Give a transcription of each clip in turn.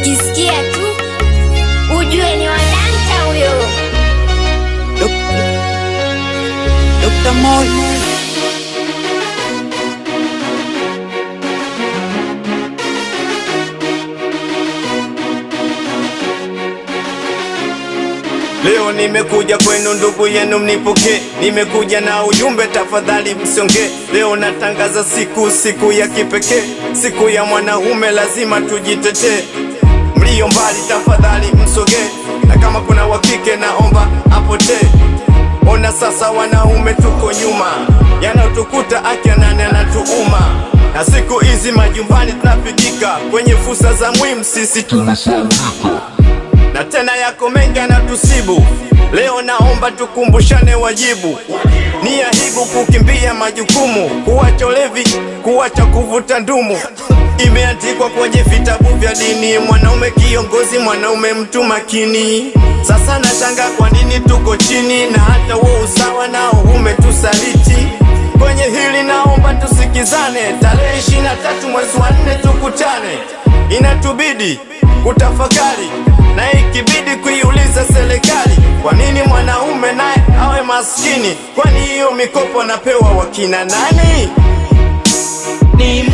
ukisikia tu ujue ni wadanta huyo. Leo nimekuja kwenu ndugu yenu mnipokee, nimekuja na ujumbe tafadhali msonge. Leo natangaza siku, siku ya kipekee, siku ya mwanaume lazima tujitetee. sasa wanaume tuko nyuma, yanayotukuta akya nane anatuuma, na siku hizi majumbani tunapigika, kwenye fursa za muhimu sisi tunasaurika, na tena yako mengi yanatusibu. Leo naomba tukumbushane wajibu, ni aibu kukimbia majukumu, kuwacha levi kuwacha kuvuta ndumu imeandikwa kwenye vitabu vya dini, mwanaume kiongozi, mwanaume mtu makini. Sasa nashanga kwa nini tuko chini, na hata wo usawa nao umetusaliti. Kwenye hili naomba tusikizane, tarehe ishirini na tatu mwezi wa nne tukutane, inatubidi kutafakari na ikibidi kuiuliza serikali, kwa nini mwanaume naye awe maskini? Kwani hiyo mikopo anapewa wakina nani? Ni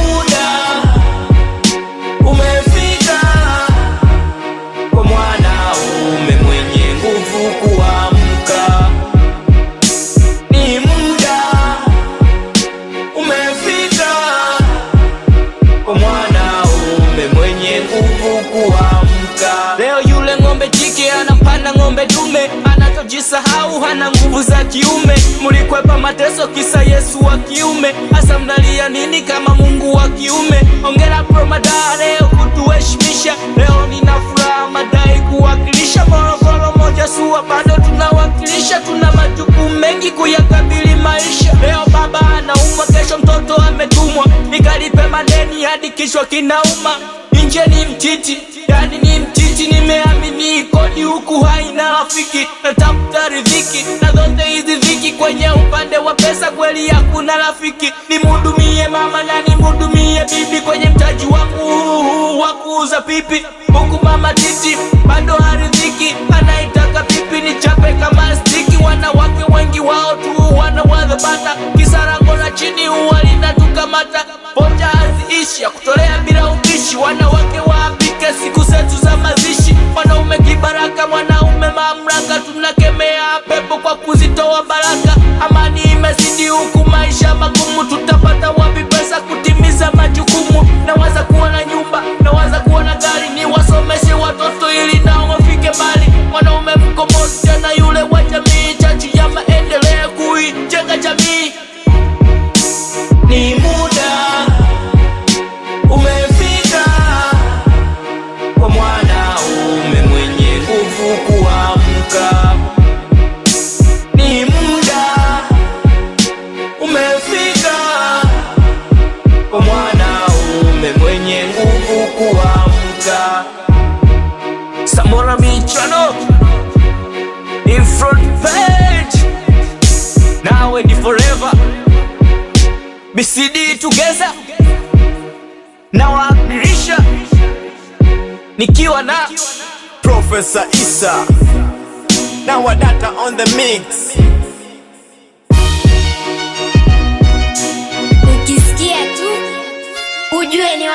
kuamka. Leo yule ng'ombe jike anapanda ng'ombe dume, anatojisahau hana nguvu za kiume. mulikwepa mateso kisa Yesu wa kiume, hasa mnalia nini kama Mungu wa kiume? Ongera promada leo kutuheshimisha, leo nina furaha madai kuwakilisha Morogoro moja SUA, bado tunawakilisha, tuna majukumu mengi kuyakabili maisha. Leo baba anaumwa, kesho mtoto ametumwa, nikalipe madeni hadi kichwa kinauma. inje ni mtiti yani ni mchichi, nimeamini kodi huku haina rafiki, natafuta riziki na zote hizi ziki kwenye upande wa pesa kweli hakuna rafiki. Nimhudumie mama na nimhudumie bibi, kwenye mtaji wangu wa kuuza pipi, huku mama titi bado haridhiki, anaitaka pipi nichape kama stiki. Wanawake wengi wao tu wanawadhabata, kisarango la chini huwa linatukamata, ponja haziishi ya kutolea bila ubishi wana za mazishi. Mwanaume kibaraka, mwanaume mamlaka, tunakemea pepo kwa kuzitoa baraka. Amani imezidi huku, maisha magumu tuta BCD together na wakilisha nikiwa na Professor Issa na wadata on the mix. Ukisikia tu ujue ni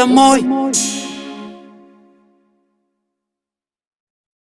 The boy.